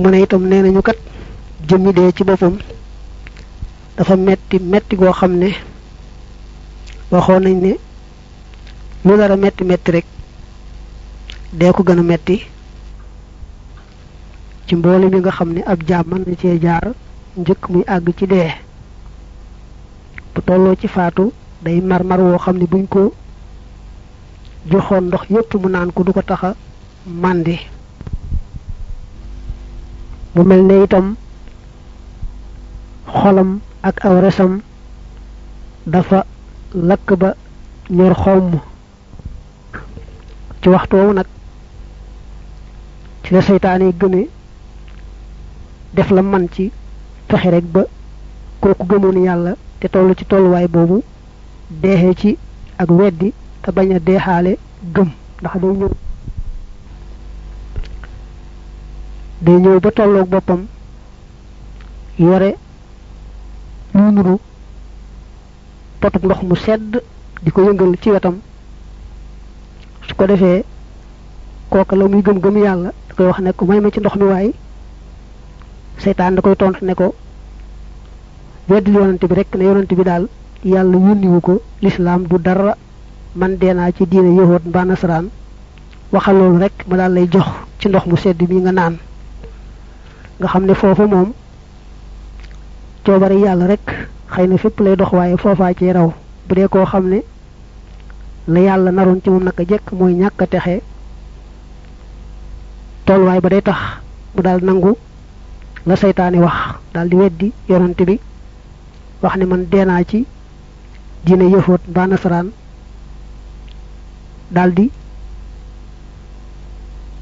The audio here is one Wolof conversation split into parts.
mu ne itam nee nañu kat jëmmi dee ci boppam dafa metti metti goo xam ne waxoon nañ ne lu dara metti metti rek dee ko gën a metti ci mboolem yi nga xam ne ab jaam mën na cee jaar njëkk muy àgg ci dee bu tolloo ci faatu day mar-mar woo xam ne buñ ko joxoon ndox yépp mu naan ko du ko taxa màndi mu mel ne itam xolam ak aw resam dafa lakk ba ñor xawm ci waxtu woowu nag ci la seytaane yi gëne def la man ci fexe rek ba kooku gëmoon yàlla te toll ci tolluwaay boobu deexee ci ak weddi te bañ a deexaale gëm ndax day ñëw day ñëw ba tollook boppam yore lu nuru potub ndox mu sedd di ko yëngal ci wetam su ko defee kooka la muy gëm-gëm yàlla da koy wax ne ko may ma ci ndox mi waay seytaan da koy tontu ne ko weddi yonante bi rek ne yonante bi daal yàlla yónniwu ko lislaam du dara man dee naa ci diine yahood mbaa nasaraan waxal loolu rek ma daal lay jox ci ndox mu sedd mi nga naan nga xam ne foofa moom coobare yàlla rek xëy na fépp lay dox waaye foofa ci raw bu dee koo xam ne la yàlla naroon ci moom naka jekk mooy ñàkk texe tolluwaay ba day tax mu daal nangu la seytaane wax daal di weddi yonante bi wax ne man naa ci diine yëfoot mbaa nasaraan daal di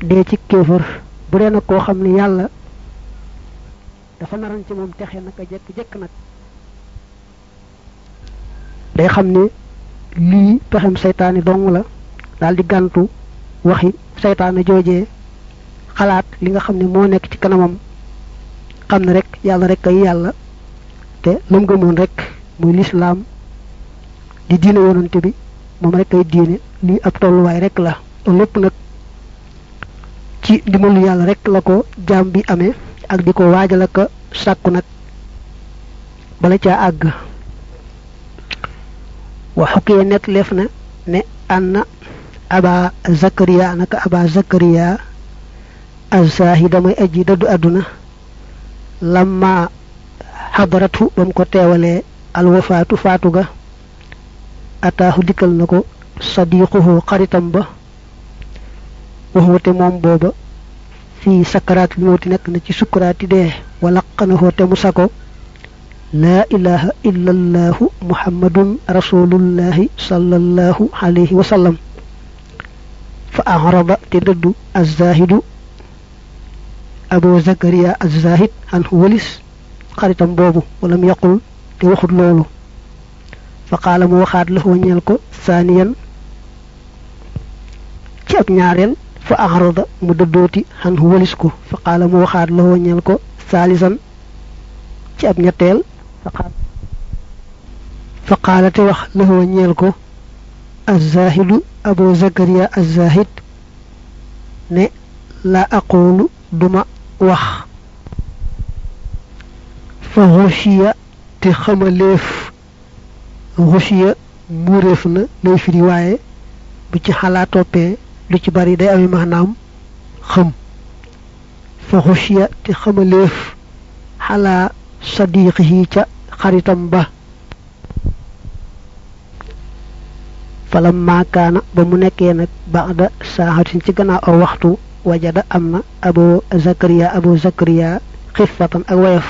dee ci kéefër bu dee nag koo xam ne yàlla dafa naroon ci moom texe naka jekk-jekk nag day xam ne lii pexem seytaane dong la daal di gàntu waxi seytaane jooje xalaat li nga xam ne moo nekk ci kanamam xam ne rekk yàlla rek ay yàlla te lam gëmoon rekk muy lislaam di diine yonante bi moom rekk ay diine lii ab tolluwaay rek la loolu lépp nag ci dimbalu yàlla rek la ko jaam bi amee ak di ko waajal ak sàkku nag bala caa àgg wa xukkee net leef na ne anna aba zakariya naka aba zakariya azsaahi damay aji dëddu àdduna lamma xadaratu ba mu ko teewalee alwafaatu faatu ga ataaxu dikkal na ko sadiquhu xaritam ba waxuwate moom booba fii sakaraati mawti nekk na ci sukkuraati dee wala xanahoo te mu sago laa ilaha illa allaahu muhammadun rasulullahi alayhi wa fa araba te dëddu azzahidu abo zakaria azzahid anhu walis xaritam boobu walam yaqul te waxut loolu fa qaala waxaat la ñeel ko saaniyan ci fa axarada mu dëddooti xan walis ko fa mu waxaat la ko saalisan ci ab ñetteel fa xaala te wax la ko azzahidu abu zakaria azzahid ne la aqulu duma wax fa xushiya te xamaleef xushiya muuréef na lay firi bu ci xalaa toppee lu ci bari day amee maanaam xam fa xushiya te xamaleef xalaa yi ca xaritam ba falam maakaana ba mu nekkee nag baxda saaxatin ci gannaaw aw waxtu wajada am na abo zakariya abo zakariya xifatan ak woyof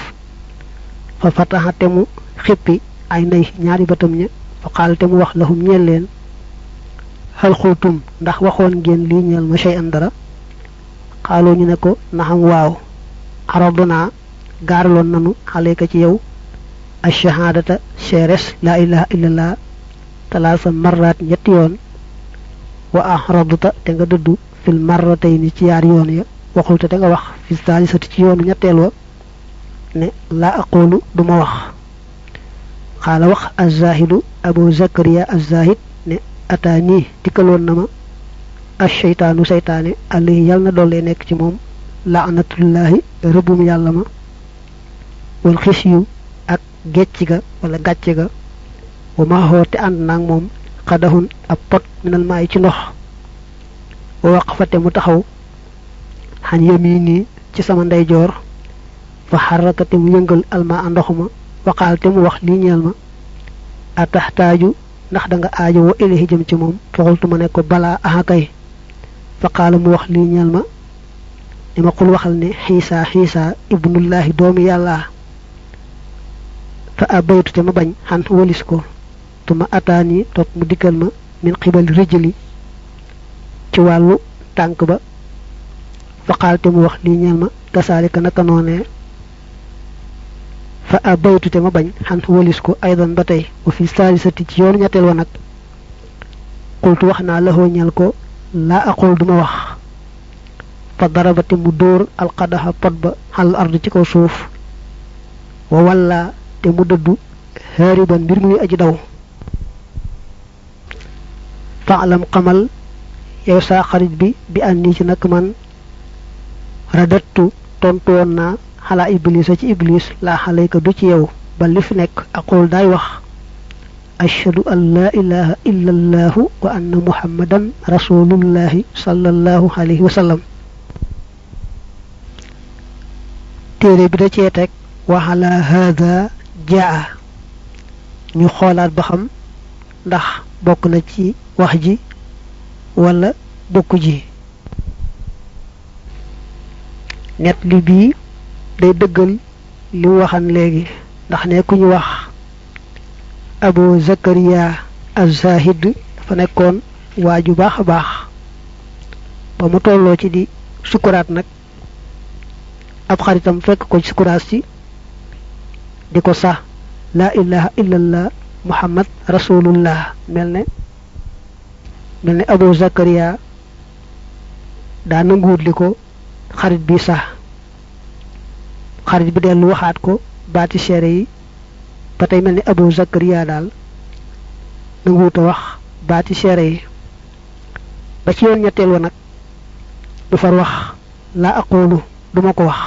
fa fataxa mu xippi ay nay ñaari batam ña fa xaal mu wax lahum ñeel leen hal xultum ndax waxoon ngeen lii ñeel ma shay an xaaloo ñu ne ko naxam waaw araduna gaaraloon nanu xaleeka ci yow ash-shahadata seeres laa ilaha illallah talaasa marraat ñetti yoon wa ahraduta te nga dëddu fil marratayni ci yaar yoon ya waxulta te nga wax fi saalisati ci yoonu ñetteel wa ne laa aqulu duma wax xaala wax az abu zakariya az ne ataani dikkaloon na ma asheytaanu seytaane alayhi yàlla nekk ci moom laanatullaahi rëbbum yàlla ma wal xis yu ak gecc ga walla gàcce ga wa ma xoote ànd naag moom xadahun ab pot minal maay ci ndox wa waqfate mu taxaw xan yami nii ci sama ndeyjoor fa xarakate mu yëngal alma a ndox ma waqaalte mu wax lii ñeel ma ataxtaaju ndax danga nga aajowoo ilahi jëm ci moom faxultu ma ne ko balaa aha kay mu wax lii ñal ma ni ma xul waxal ne xiisa xiisa ibnullahi doomi yàlla fa abaytu te ma bañ xan walis ko tuma ataani topp mu dikkal ma min xibal rijli ci wàllu tànk ba fa qaal mu wax lii ñal ma kasaalika naka noonee fa abaytu te ma bañ xan walis ko aydan ba tey wa fi saalisati ci yoonu ñetteel wa nag xultu wax naa laxoo ñel ko laa aqul duma wax fa te mu dóor alqadaxa pot ba xal ardu ci kaw suuf wa walla te mu dëddu haariban mbir muy aji daw faalam xamal yow saa xarit bi bi an nii ci nag man radattu tontu naa xalaa iblis a ci iblis laa xalayka du ci yow ba li fi nekk aqul daay wax ashhadu an laa ilaha illa wa anna muhammadan rasulullahi sallallahu alayhi téere bi da cee teg wa ala hada jaa ñu xoolaat ba xam ndax bokk na ci wax ji wala bokk ji net li bii day dëggal li mu waxan léegi ndax ne ku ñu wax abu zakariya az-zahid dafa nekkoon waa ju baax a baax ba mu tolloo ci di sukkuraat nag ab xaritam fekk ko ci si di ko sax laa ilaha illallah muhammad rasulullah mel ne mel ne abu zakariya daana nanguwut li ko xarit bi sax xarit bi dellu waxaat ko baati seere yi ba tey mel ni Abu Zakariya daal nanguwuta wax baati seere yi ba ci yoon ñetteel wa nag du far wax laa aqulu duma ko wax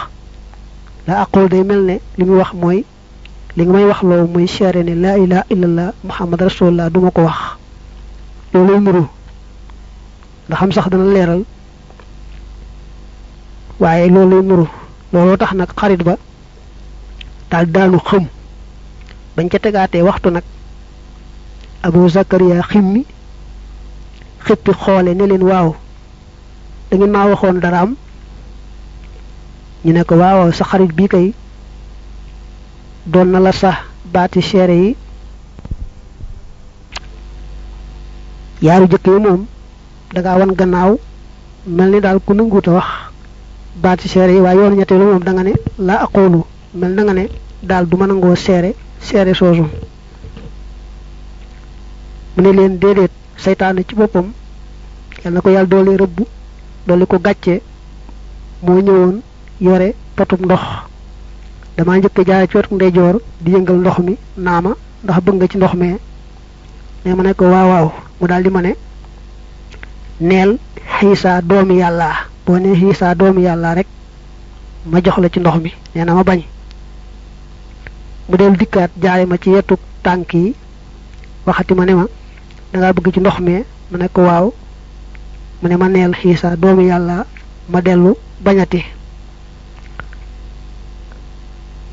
laa aqulu day mel ni li muy wax mooy li nga may wax loo muy seere ne laa ilaha illallah muhammad rasulullah duma ko wax loolu muru ndax sax dana leeral waaye loolu nuru looloo tax nag xarit ba daal daanu xëm bañ ca tegaatee waxtu nag abu zakaria ximmi xippi xoole ne leen waaw da ngeen waxoon dara am ñu ne ko waaw sa xarit bi kay doon na la sax baati seere yi yaaru jëkk yi moom dangaa wan gannaaw mel ni daal ku nanguuta wax baat ci seere yi waaye yoonu ñetteelu moom da nga ne laa aqoolu mel na nga ne daal du ma nangoo seere seere soosu mu ne leen déedéet seytaane ci boppam yal na ko yàlla doole rëbb doole ko gàcce moo ñëwoon yore potum ndox dama njëkk jaare ci wetu ndeyjoor di yëngal ndox mi ma ndax bëgg nga ci ndox mee ne ma ne ko waaw waaw mu daal di ma ne neel xiisa doomi yàlla boo nee xiisa doomi yàlla rek ma jox la ci ndox mi nee na ma bañ mu del dikkaat jaare ma ci yetu tànk yi waxati ma ne ma dangaa bëgg ci ndox mi mu ne ko waaw mu ne ma neel xiisa doomi yàlla ma dellu bañati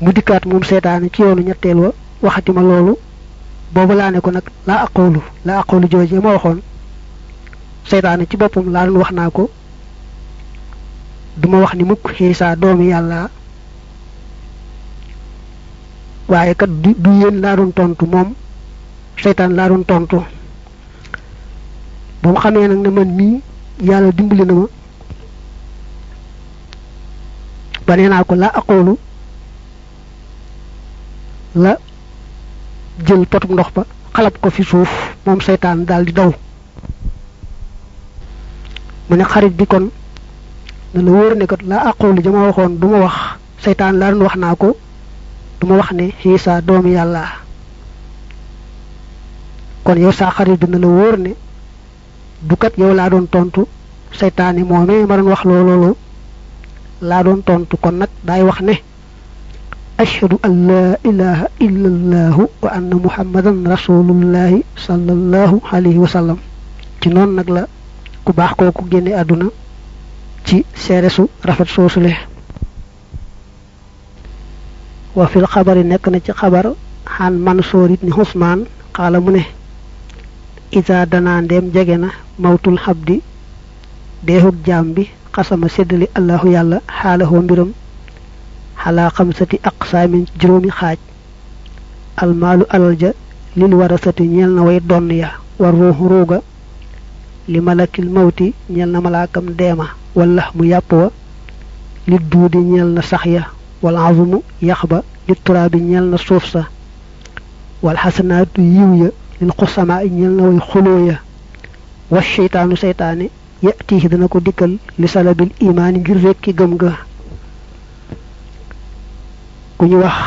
mu dikkaat moom seetaane ci yoonu ñetteel wa waxati ma loolu boobu laa ne ko nag laa aqoolu laa aqoolu joojee ma waxoon seytaane ci boppam laa doon wax naa ko duma wax ni mukk xiisaa doomi yàlla waaye kat du du laa doon tontu moom seytaan laa doon tontu ba mu xamee nag ne man mii yàlla dimbali na ma ba naa ko la akoolu la jël potum ndox ba xalab ko fi suuf moom seytaan daal di daw mu ne xarit bi kon na la wóor ne kat laa àqoolu ja ma waxoon du wax seytaan laa doon wax naa ko du ma wax ne Isa doom yàlla kon yow saa xarit bi na la wóor ne du kat yow laa doon tontu seytaane moomee ma doon wax looloolu laa doon tontu kon nag daay wax ne ashhadu an laa ilaha illa allahu wa anna muhammadan rasulullahi sallallahu alayhi wa ci noonu nag la ku baax kooku génne àdduna ci seere su rafet fil xabari nekk na ci xabar xan Mansoor ibn Usmaan xaala mu ne isa dana ndeem jege na mawtul xabdi deexug jaam bi xasama séddali allahu yàlla xaalahoo mbiram xalaa xamsati aqsaamin juróomi xaaj almaalu alal ja lil warasati ñeel na way donn ya war ruuxu ruuga li malakil mawti ñel na malaakam deema wala mu yàpp wa li duudi ñel na sax ya wala azumu yax ba li turaabi ñel na suuf sa wala xasanaatu yiw ya lil xusamaa ñel na way xuloo ya wa seytaanu seytaane yatihi dana ko dikkal li salabil imaan ngir rekki gëm ga ku ñu wax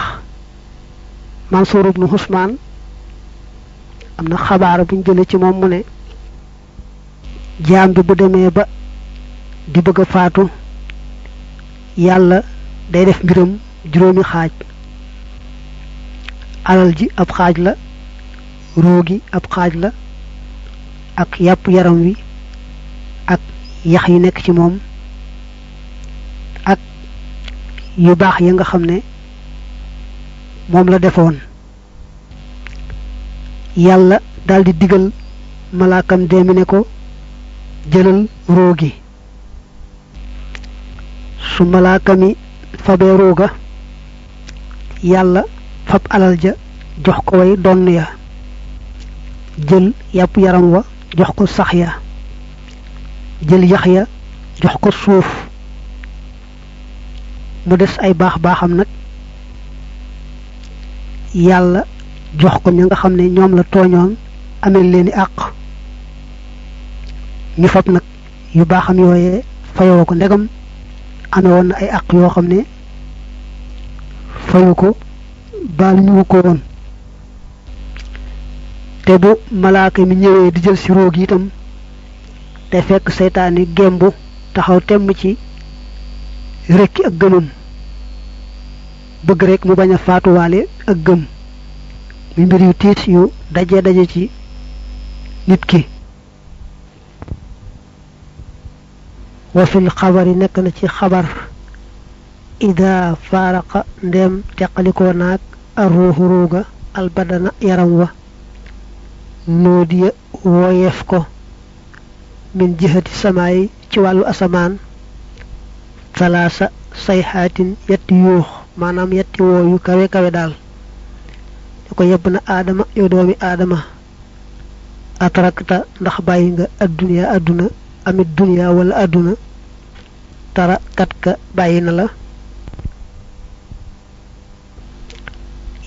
Mansuur ibnu Usmaan am na xabaar buñ jële ci moom mu ne jaam bi bu demee ba di bëgg a faatu yàlla day def mbiram juróomi xaaj alal ji ab xaaj la ruu gi ab xaaj la ak yàpp yaram wi ak yax yi nekk ci moom ak yu baax ya nga xam ne moom la defoon yàlla daldi digal malaakam deemi ne ko jëlal ruu gi su malaaka mi fabee ruuga yàlla fab alal ja jox ko way donn ya jël yàpp yaram wa jox ko sax ya jël yax ya jox ko suuf mu des ay baax baaxam nag yàlla jox ko ña nga xam ne ñoom la tooñoon amel leeni àq ñu fab nag yu baaxam yooyee fayoo ko ndegam amee na ay àq yoo xam ne fayu ko baal ñu ko woon te bu malaaka mi ñëwee di jël si roog yi itam te fekk seytaane gembu taxaw temm ci rekki ak gëmam bëgg rek mu bañ a faatuwaale ak gëm muy mbir yu tiit yu daje daje ci nit ki wa xabar yi nekk na ci xabar ida faaraqa ndem teqalikoo naag arruuxu ruuga albadana yaram wa noodiya wooyeef ko min samaay ci wàllu asamaan salaasa sayxaatin yetti yuux maanaam yetti wooyu kawe kawe daal ñu ko yebb na aadama doomi aadama atrakta ndax bàyyi nga adduniya adduna amit duniya wala àdduna tara kat ka bàyyi na la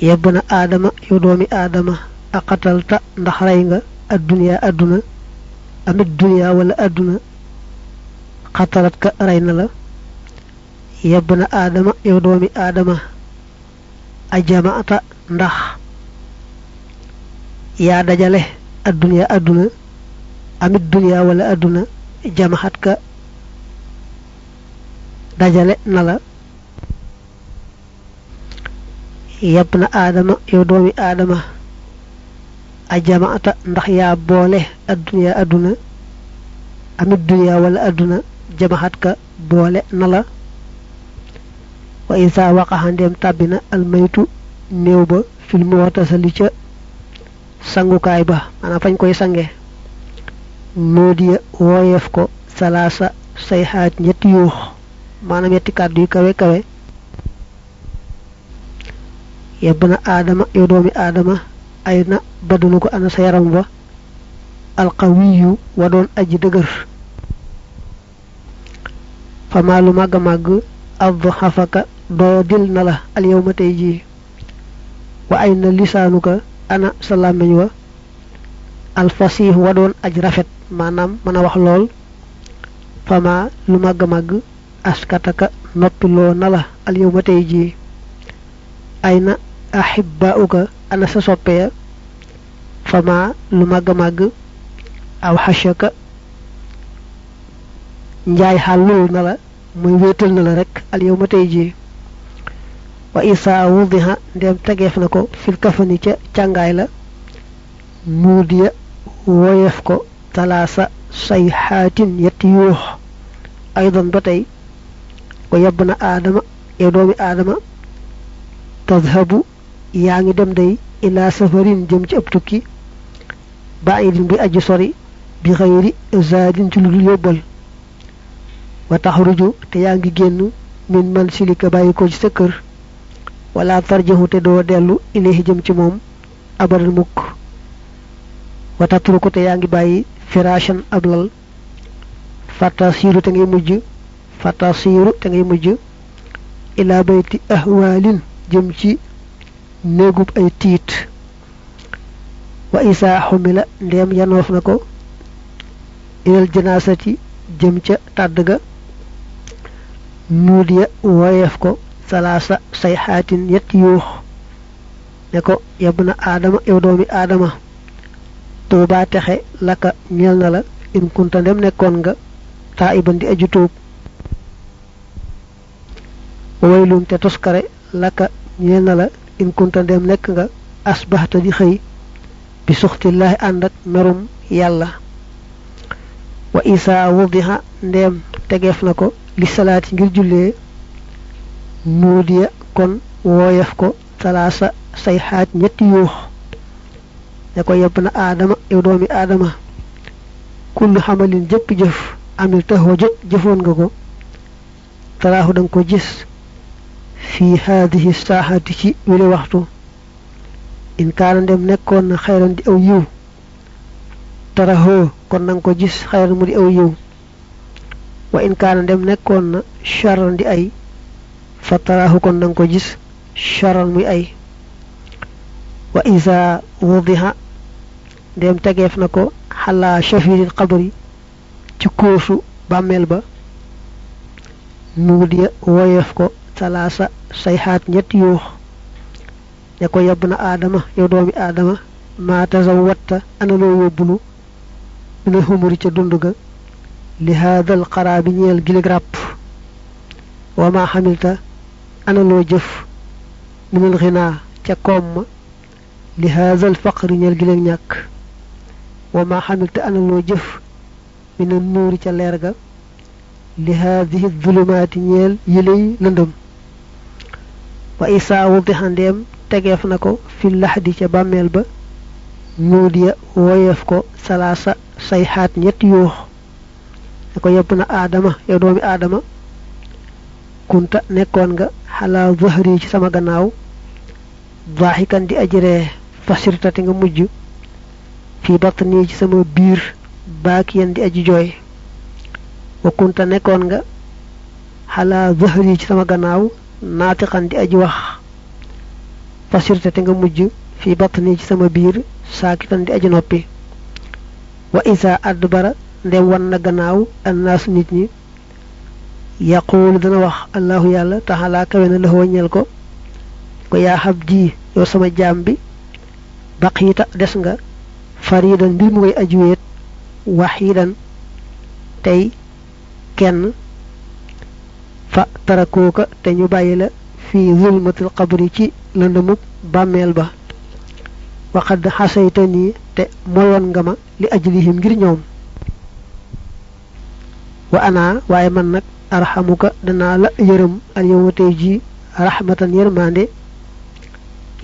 yebb na aadama yow doomi aadama aqatalta ndax rey nga adduniya àdduna amit duniya wala àdduna xatalat ka rey na la yebb na aadama yow doomi aadama ajamaata ndax yaa dajale adduniya àdduna amit duniya wala àdduna jamaxat ka dajale nala la na aadama yow doomi aadama a ndax yaa boole adduna amit dunya wala adduna jamaxat ka boole na la wa isa waqaxa ndeem tàbbi na almaytu néew ba fil muwatasali ca sangukaay ba maanaam fañ koy sange noodiya wooyeef ko salaasa say xaaj ñetti yuux maanaam ñetti kàddu yu kawe kawe yebb na aadama yow doomi aadama ay na badunu ko ana sa yaram ba alqawiyu wa doon aji dëgër fama lu màgg màgg ab xafaka doo dil na la alyawma tey jii wa ay na lisaanuka ana sa làmmiñ wa alfasih wa doon aj rafet maanaam mën a wax lool fama lu màgg-màgg askataka noppiloo na la al yow ma tey jii ay na ahibaauka ana sa soppe ya fama lu màgg-màgg aw xashaka njaay xàllul na la muy wéetal na la rek al yow ma tey jii wa isaa wudiha ndem tegeef na ko fil kafani ca càngaay la muudiya woyeef ko talaasa say xaatin yetti yuux aydan ba tey ko yab na aadama yow doomi aadama tadhabu yaa ngi dem day ilaa safarin jëm ci ëpp tukki ba'idin bi aji sori bi xayri zaadin ci lu yóbbal wa taxruju te yaa ngi génn min man silika bàyyi ko ci sa kër wala tarjahu te doo dellu ilayhi jëm ci moom abadan mukk wa tatruku te yaa ngi bàyyi firashan ab lal fatasiiru te ngay mujj fatasiiru te ngay mujj ilaa bayti ci tiit wa isaa xumila ndeem yanoof na ko ilal janaasati jëm ca tàdd ga nuud ya woyeef ko salaasa sayxaatin yett yuux ne ko yab na aadama yow doomi aadama tuubaa texe laka ñeel na la in kunta ndem nekkoon nga taa iban di aju tuub wawaylun na la nekk nga asbaxta di xëy bi suxtillaahi ànd ak merum yàlla wa isaa wudiha ndeem tegeef na ko li salaati ngir jullee nuudiya kon wooyef ko salaasa say xaaj ñetti yuux ne ko yebb na aadama yow doomi aadama kullu xamalin jëpp jëf amil taxoo jë jëfoon nga ko taraaxu da nga ko gis fii haadihi saaxaati ci wile waxtu in kaana ndem nekkoon na xayran di aw yiw taraaxoo kon na ko gis xayran mu di aw yiw wa in kaana ndem nekkoon na charan di ay fa taraaxu kon na ko gis charan muy ay wa isa wudiha ndéem tegeef na ko xalaa shafiril xabri ci kóosu bàmmeel ba nuud ya woyeef ko salaasa sayxaat ñetti yuux ne ko yab na aadama yow doomi aadama maata sam watta ana loo yóbbulu mina xumuri ca dund ga li haadal xaraa bi ñeel gilig ràpp wa maa xamilta ana loo jëf minal xinaa ca koom ma li haadal faqri ñeel ñàkk wa ma xamilta ana loo jëf mina nuuri ca leer ga li haadihi dulumaati ñeel yilay lëndëm wa isaa wuddi xandeem tegeef na ko fi laxdi ca bàmmeel ba nuudiya woyeef ko salaasa say xaat ñetti yuux ne ko yebb na aadama yow doomi aadama kunta nekkoon nga xalaa zahri ci sama gannaaw daaxikan di ajiree fasirtati nga mujj fii batni ci sama biir baak yen di aji jooy wa kunta nekkoon nga xalaa zahri ci sama gannaaw naatiqan di aji wax fasirte te nga mujj fii batni ci sama biir saakitan di aji noppi wa isa bara ndem wan na gannaaw annaasu nit ñi yaquulu dana wax allahu yàlla taxalaa kawe na lëxoo ko ko yaa xab dii yow sama jaam bi baqiita des nga faridan mbir mu koy aju wéet waxidan tey kenn fa tarakooka te ñu bàyyi la fii zulmatil qabri ci lëndëmuk bàmmeel ba waxad xasayta nii te moyoon nga ma li ajlihim ngir ñoom wa ana waaye man nag arxamuka danaa la yërëm al yowma tey ji rahmatan yërmande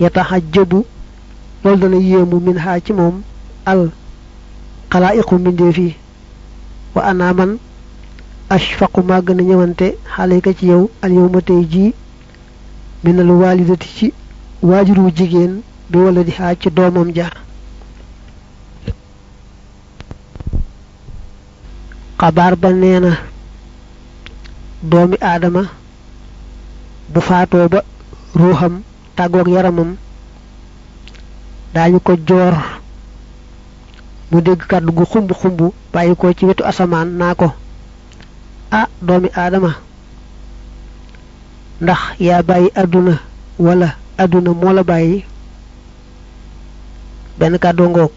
yataxajjabu loolu dana yéemu min ci moom al xalaayiqu mbindeef yi wa ana ci yow al yow ma tey jigéen bi wala di xabaar ba nee na doomi aadama bu faatoo ba ruuxam tàggoog yaramam daañu ko joor mu dégg kàddu gu xumb xumb bàyyi ko ci wetu asamaan naa ko ah doomi aadama ndax yaa bàyyi àdduna wala àdduna moo la bàyyi benn kàddu ngoog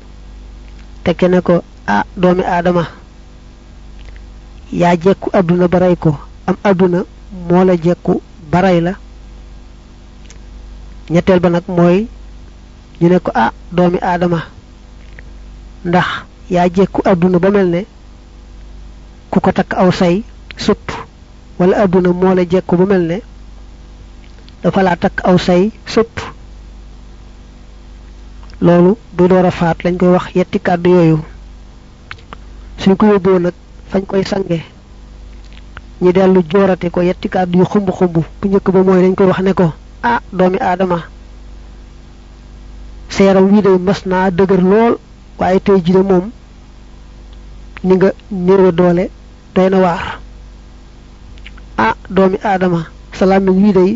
tekke ne ko ah doomi aadama yaa jekku àdduna ba rey ko am àdduna moo la jekku ba rey la ñetteel ba nag mooy ñu ne ko ah doomi aadama ndax yaa jekku àdduna ba mel ne ku ko takk aw say sëpp wala àdduna moo la jekku ba mel ne dafa laa takk aw say sëpp loolu buy door a lañ koy wax yetti kàddu yooyu suñ ko yóbboo nag fañ koy sange ñi dellu joorate ko yetti kàddu yu xumb xumb bu njëkk ba mooy dañ koy wax ne ko ah doomi aadama seeram wii de mas naa dëgër lool waaye tey jii de moom ni nga néewe doole doy na waar ah doomi aadama salaam mi wii day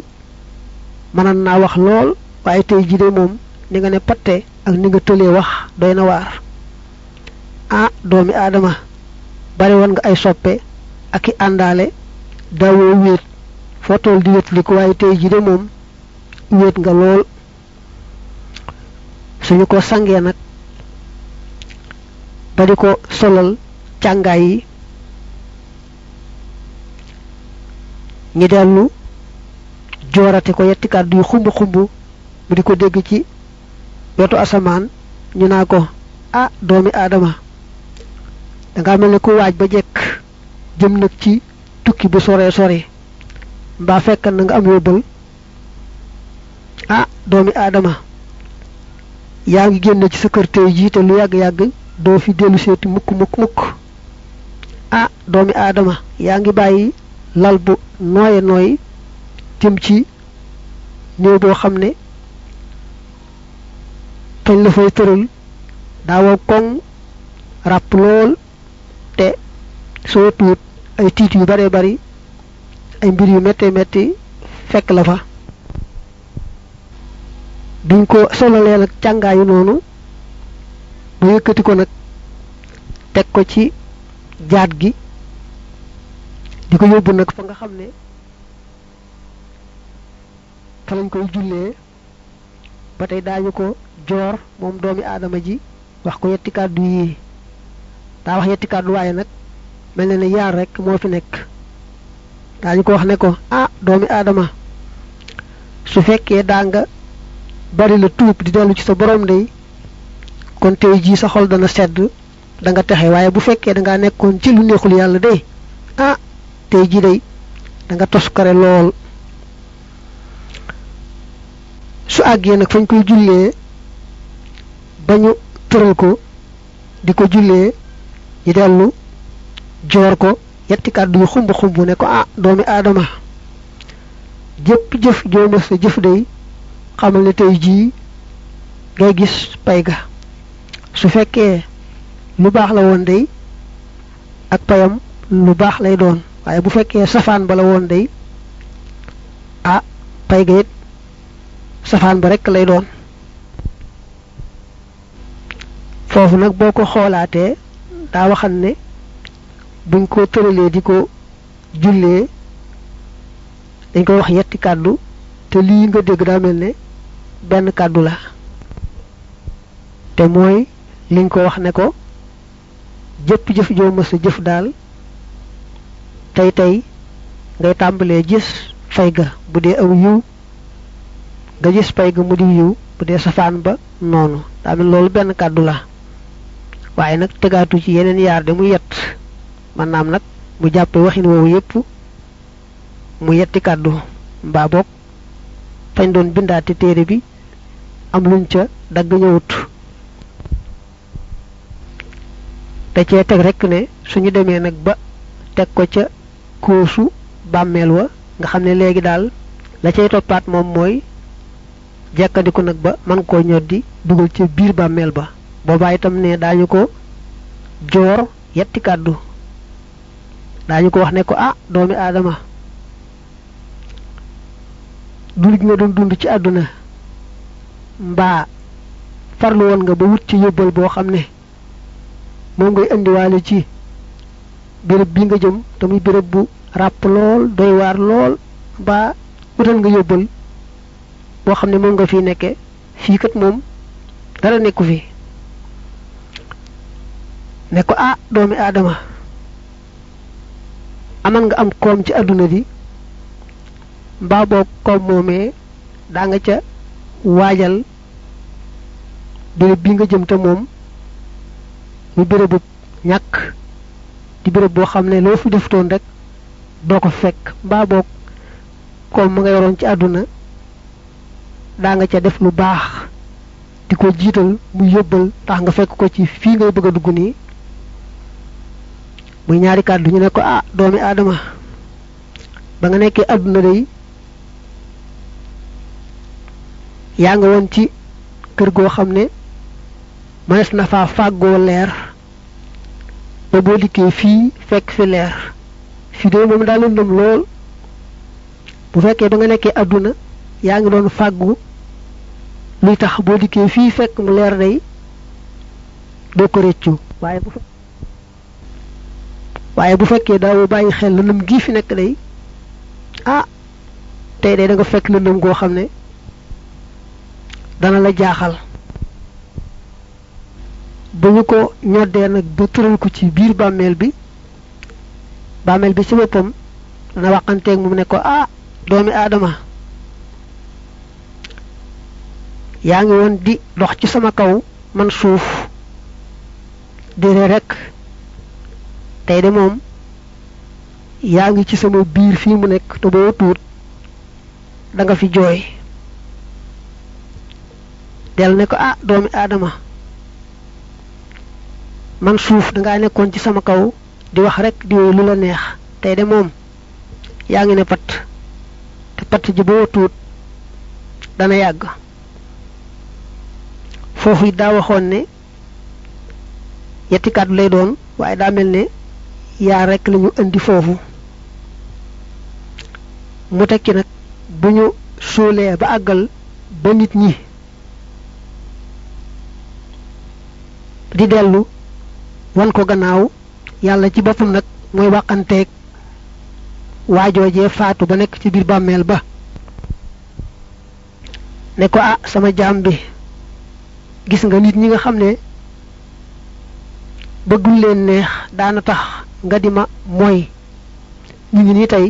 mënoon naa wax lool waaye tey jii de moom ni nga ne patte ak ni nga tëlee wax doy na waar ah doomi aadama bari woon nga ay soppe ak i àndaale daawoo wéet foo toll di wéet waaye tey jii de moom wéet nga lool suñu ko sangee nag te di ko solal càngaay yi ñi dellu joorate ko yetti kàddu yu xumb xumb mu di ko dégg ci wetu asamaan ñu naa ko ah doomi aadama danga mel ne ku waaj ba jekk jëm nag ci tukki bu sore sore mbaa fekkan na nga am yóbbal ah doomi aadama yaa ngi génn ci sa kër tey jii te lu yàgg-yàgg doo fi dellu seeti mukk mukk mukk ah doomi aadama yaa ngi bàyyi lal bu nooye nooy jëm ci néew boo xam ne fañ la fay tëral daawoo koŋ ràpp lool te soo tuut ay tiit yu baree bari ay mbir yu mettee metti fekk la fa duñ ko solalee ak càngaayu noonu mu yëkkati ko nag teg ko ci jaat gi di ko yóbbu nag fa nga xam ne fa lañ koy jullee ba tey daañu ko joor moom doomi aadama ji wax ko yetti kàddu yii daa wax yetti kàddu waaye nag mel na ne yaar rek moo fi nekk daañu ko wax ne ko ah doomi aadama su fekkee daa nga bari la tuub di dellu ci sa borom ndey kon tey jii sa xol dana sedd danga nga texe waaye bu fekkee da ngaa nekkoon ci lu neexul yàlla de ah tey jii day danga nga toskare lool su àggee nag fañ koy jullee ba ñu tëral ko di ko jullee ñu dellu joor ko yetti yu xumb xumb ne ko ah doomi aadama jëpp jëf joo def sa jëf day xamal ne tey jii ngay gis pay ga su fekkee lu baax la woon day ak payam lu baax lay doon waaye bu fekkee safaan ba la woon day a ah, pay ga safaan ba rekk lay doon foofu nag boo ko xoolaatee daa waxan ne buñ ko tëralee di ko jullee dañ koy wax yetti kàddu te lii nga dégg daa mel ne benn kàddu la te mooy liñ ko wax ne ko jëpp jëf joo mës jëf daal tey tey ngay tàmbalee gis fay ga bu dee aw yiw nga gis fay ga mu di yiw bu dee safaan ba noonu daamit loolu benn kàddu la waaye nag tegaatu ci yeneen yaar de mu yet man naam nag mu jàppee waxin woowu yépp mu yetti kàddu mbaa boog fañ doon bindaate téere bi am luñ ca dagg ñëwut da cee teg rekk ne suñu demee nag ba teg ko ca kóosu bàmmeel wa nga xam ne léegi daal la cay toppaat moom mooy jekkandiku nag ba man koo ñoddi dugal ca biir bàmmeel ba boobaa itam ne daañu ko joor yetti kàddu daañu ko wax ne ko ah doomi aadama dund gi nga doon dund ci àdduna mbaa farlu woon nga ba wut ci yóbbal boo xam ne moom ngay indiwaale ci béréb bi nga jëm te muy béréb bu ràpp lool doy waar lool ba utal nga yóbbal boo xam ne moom nga fi nekke fii kat moom dara nekku fi ne ko ah doomi aadama amal nga am koom ci àdduna bi mbaa boo koom moomee daa nga ca waajal béréb bi nga jëm te moom muy bérébu ñàkk di béréb boo xam ne loo fi defutoon rek doo ko fekk mbaa boog comme ma nga yoroon ci àdduna daa nga ca def lu baax di ko jiital mu yóbbal tax nga fekk ko ci fii ngay bëgg dugg nii muy ñaari kàddu ñu ne ko ah doomi aadama ba nga nekkee àdduna day yaa nga woon ci kër goo xam ne mënees na fàggoo leer boo dikkee fii fekk fi leer fii de moom daa lëndëm lool bu fekkee ba nga nekkee àdduna yaa ngi doon fàggu luy tax boo dikkee fii fekk mu leer day doo ko rëccu waaye bu fekkee daawoo bàyyi xel lëndëm gi fi nekk day ah tey day da nga fekk lëndëm goo xam ne dana la jaaxal bu ñu ko ñoddee nag ba tëral ko ci biir bàmmeel bi bàmmeel bi ci boppam dana waxanteeg moom ne ko ah doomi aadama yaa ngi woon di dox ci sama kaw man suuf dire rek tey de moom yaa ngi ci sama biir fii mu nekk te boo tuut da nga fi jooy del ne ko ah doomi aadama man suuf dangaa nekkoon ci sama kaw di wax rekk di woy lu la neex tey de moom yaa ngi ne pat te pat ji boo tuut dana yàgg foofu it daa waxoon ne yetti kàddu lay doon waaye daa mel ne yaa rek lañu indi foofu mu tekki nag bu ñu suulee ba àggal ba nit ñi di dellu wan ko gannaaw yàlla ci boppam nag mooy wàqanteeg waajoojee faatu ba nekk ci biir bàmmeel ba ne ko ah sama jaam bi gis nga nit ñi nga xam ne bëggul leen neex daana tax nga di ma mooy ñu ngi nii tey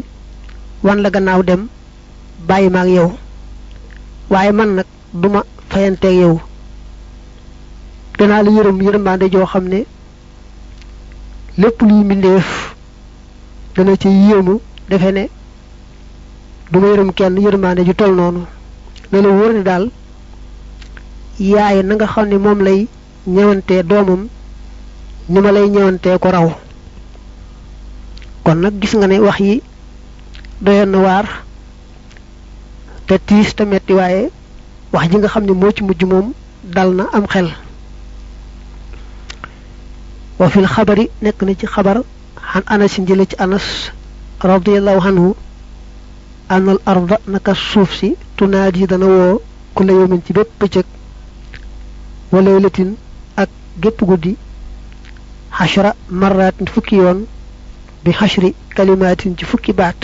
wan la gannaaw dem bàyyi ma ak yow waaye man nag duma fayanteeg yow danaa la yërëm yërëmbaande joo xam ne lépp luy mbindeef dana ci yéemu defe ne du ma kenn yërmaande ju toll noonu na la wóor ne daal yaay na nga xam ne moom lay ñëwantee doomam ni ma lay ñëwantee ko raw kon nag gis nga ne wax yi doyoon na waar te tiis te metti waaye wax ji nga xam ne moo ci mujj moom dal na am xel wa fil xabari nekk na ci xabar xan anasin jële ci anas radiallahu anhu arda naka suuf si tunaat yi dana woo ku la yawmin ci bépp bëccëg wala latin ak gépp guddi xashra marratin fukki yoon bi xashri kalimaatin ci fukki baat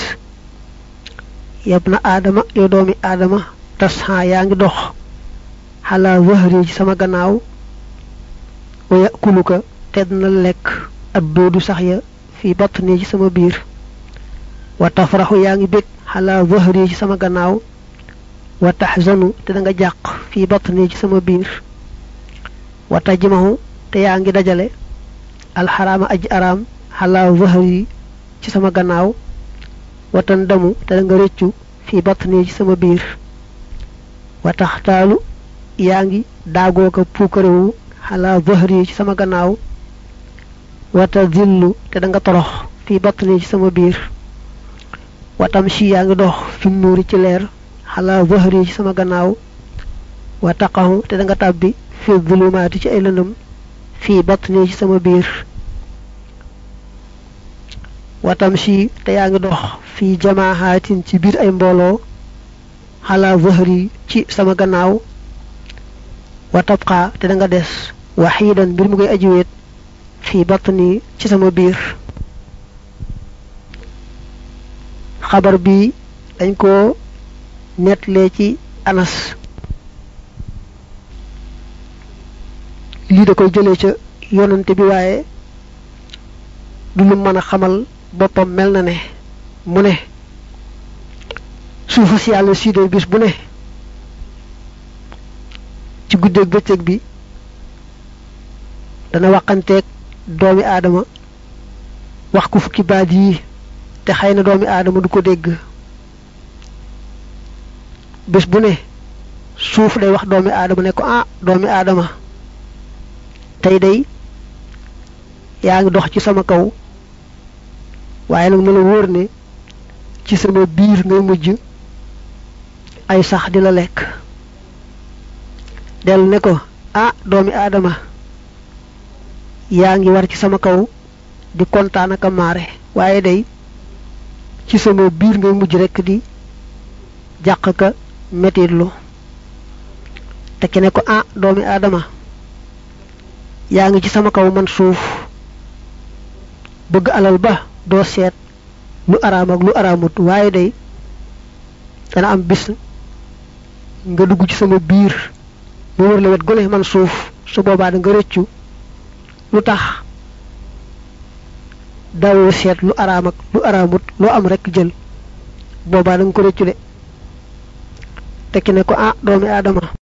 yab na aadama yow doomi aadama tasxaa yaa ngi dox xalaa wahri ci sama gannaaw wa yakuluka te dina lekk ab ak doodu sax ya fii batni ci sama biir wa tafraxu yaa ngi bég xalaa zahri ci sama gannaaw wa taxzanu te da nga jàq fii batni ci sama biir wa tajmahu te yaa ngi dajale alxaraama aji araam xalaa zahri ci sama gannaaw wa tandamu te da nga rëccu fii batni ci sama biir wa taxtaalu yaa ngi daagoo ko puukarewu xalaa zahri ci sama gannaaw wata zillu te da nga torox fii batni ci sama biir watam si yaa ngi dox fi nuuri ci leer xalaa zahri ci sama gannaaw wa taqahu te danga nga tàbbi fi zulumaati ci ay lëndëm fii batni ci sama biir watam si te yaa ngi dox fii jamaaxaatin ci biir ay mbooloo xalaa zahri ci sama gannaaw wa tabqa te danga des waxiidan mbir mu koy ajiwéet fii batni ci sama biir xabar bi dañ ko nettalee ci anas lii da koy jëlee ca yonante bi waaye du lu mën a xamal boppam mel na ne mu ne suufa si yàlla sii dee bu ne ci guddeeg bëccëg bi dana waxanteeg doomi aadama wax ko fukki baat yi te xëy na doomi aadama du ko dégg bés bu ne suuf day wax doomi aadama ne ko ah doomi aadama tey day yaa ngi dox ci sama kaw waaye nag na la wóor ne ci sama biir ngay mujj ay sax di la lekk dellu ne ko ah doomi aadama yaa ngi war ci sama kaw di kontaan ak a maare waaye day ci sama biir nga mujj rekk di jàq ka metitlu te ki ne ko ah doomi aadama yaa ngi ci sama kaw man suuf bëgg alal ba doo seet lu araam ak lu araamut waaye day dana am bis nga dugg ci sama biir mu wër la wet gone man suuf su boobaa da nga rëccu lu tax daawoo seet lu araam ak lu araamut lu am rekk jël boobaa da ko rëccu de tekki ne ko ah doomi aadama